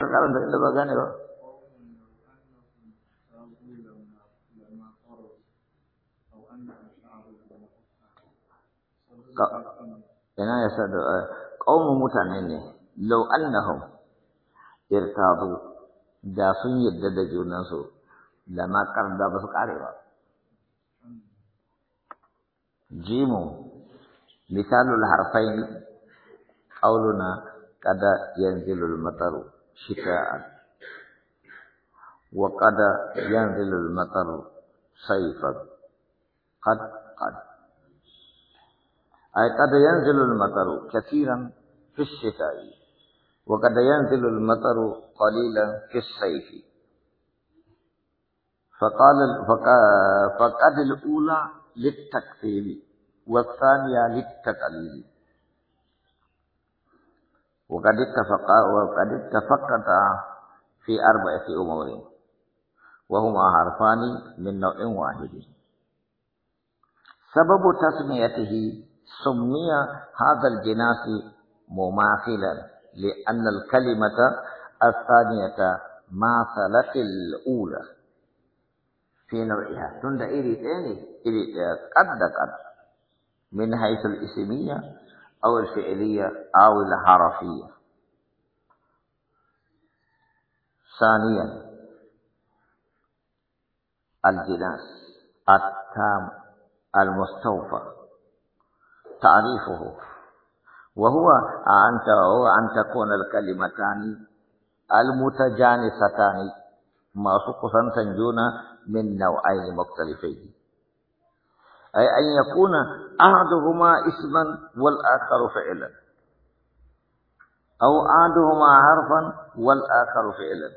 Karanta inda ba ya sa da ƙaumin mutane ne, lau annahum dasun da sun yadda da su da ma da ba su kare ba. Jimu, misalul harfain ƙauluna kada yanzilul mataru. شتاء وقد ينزل المطر صيفا قد قد أي قد ينزل المطر كثيرا في الشتاء وقد ينزل المطر قليلا في الصيف فقال فقد الأولى للتكثير والثانية للتقليل وقد اتفق وقد اتفقتا في أربعة أمور وهما حرفان من نوع واحد سبب تسميته سمي هذا الجناس مماثلا لأن الكلمة الثانية ماثلت الأولى في نوعها تند إلي تاني إلي قد قد من حيث الإسمية أو الفعلية أو الحرفية ثانيا الجناس التام المستوفى تعريفه وهو أن أن تكون الكلمتان المتجانستان ما سقطا تنجون من نوعين مختلفين أي أن يكون أحدهما اسما والآخر فعلا أو أحدهما حرفا والآخر فعلا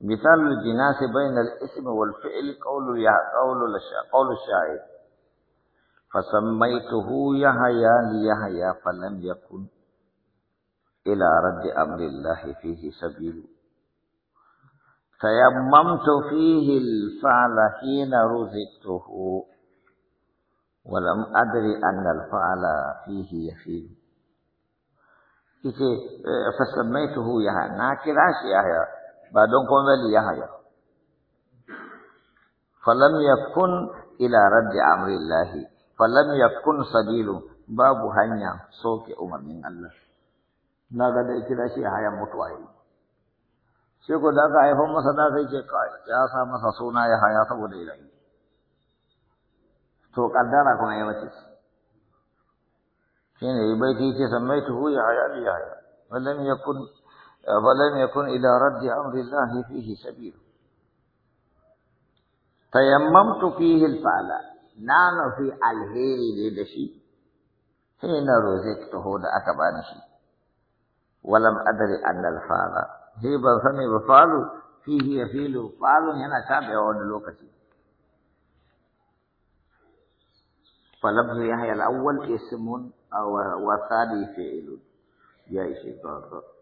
مثال الجناس بين الاسم والفعل قول قول قول الشاعر فسميته يحيى ليحيى فلم يكن إلى رد أمر الله فيه سبيل تيممت فيه الفعل حين رزقته ولم أدري أن الفعل فيه يفيد إيه فسميته يحيى ناكراش يحيى بعدون قمل يحيى فلم يكن إلى رد أمر الله فلم يكن سبيل باب هنيا سوك امم من الله ناغد إكراش يحيى متوائي چکو دا کا ایفو مسدا کئی چے کائی جا سا مسا سونا یا حیا تا وہ دے رہی تو کدا نہ کو ایو چیز کین ای بے کی چے سمے تو ہوئی حیا دی آیا ولن یکن ولن یکن الى رد امر الله فيه سبيل تيممت فيه الفعل نان في الهير لدشي حين رزقته هو اكبر شيء ولم ادري ان الفعل zai ba sami ba falo fihi ya filo falon yana tabewa wani lokaci falabhu ya hayal awwal ismun wa sadi fi'ilun ya ishe ba